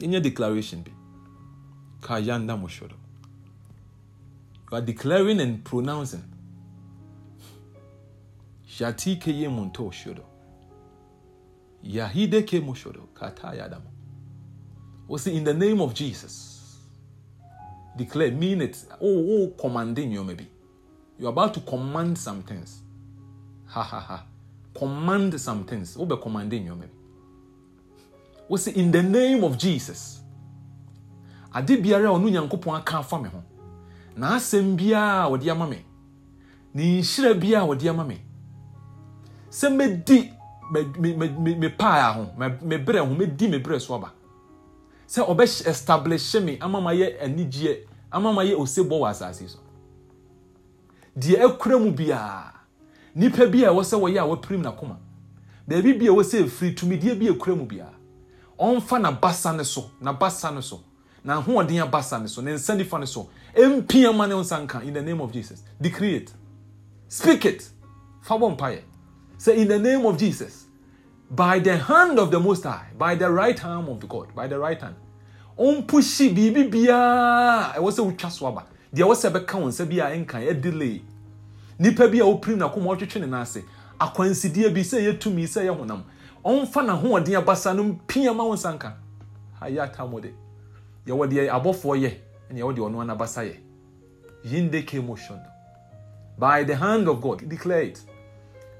In your declaration be kayanda moshodo you are declaring and pronouncing Shati yatikeye munto oshodo yahideke moshodo katayadamo we see in the name of jesus declare mean it oh oh commanding you maybe you're about to command some things ha ha ha command some things be commanding you maybe wosi in the name of jesus ade biara a ɔno nyankopɔn aka afa me ho na asɛm biara a wɔde ama me ne nhyira biara a wɔde ama me sɛ mɛdi me paa ho me berɛ ho mɛdi me berɛ so aba sɛ ɔbɛ establish me ama ma yɛ anigyeɛ ama ma yɛ osebɔ wɔ asase so deɛ ɛkura mu biara nipa bi a ɛwɔ sɛ wɔyɛ a wɔapirim n'akoma baabi bi a ɛwɔ sɛ efiri tumideɛ bi ekura mu biara. ɔmfa n'abasa ne so n'abasa ne so n'ahoɔden abasa ne so ne nsa nifa ne so ne nsa nka in the name of jesus decree it speak it fa bɔ mpaeɛ say in the name of jesus by the hand of the most high by the right hand of the god by the right hand ɔmpushi biribi biara ɛwɔ sɛ wotwa so aba deɛ ɛwɔ sɛ ɛbɛka wɔn nsa bi a ɛnka ɛdelay nipa bi a opirim n'akoma ɔtwitwi ne nan ase akwansidie bi sɛ sɛ honam ɔmfa n'ahoɔden abasa no mpia ma wo nsanka ayɛ atamo de yɛwɔ deɛ abɔfoɔ yɛ ɛne yɛwɔ deɛ ɔno ano abasa yɛ yindeke motion by the hand of God declare it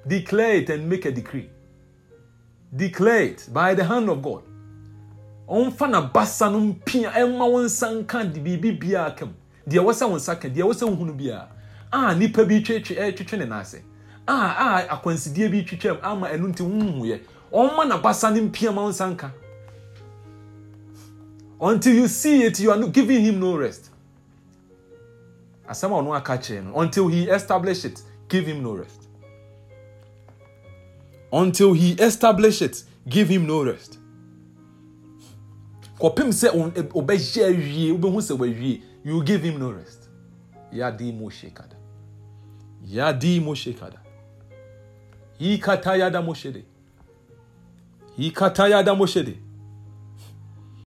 declare it and make a decree declare it by the hand of God ɔmfa n'abasa no mpia ɛma wo nsa nka biribi biara kam, mu deɛ wɔsɛ wo nsa ka deɛ wɔsɛ wo hunu biara a nipa bi twetwe ɛtwetwe ne nan ase a a akwansidie bi twitwa mu ama ɛnu nti huhu yɛ ɔmma n'abasa no mpia ma wo nsa nka until you see it you are giving him no rest asɛm a ɔno aka kyerɛ no until he establish it give him no rest until he establish it give him no rest kɔpem sɛ ɔbɛhyɛ awie wobɛhu sɛ wawie you give him no rest yadi mo shekada yadi mo shekada yikata yada mo shede いい方やだもしで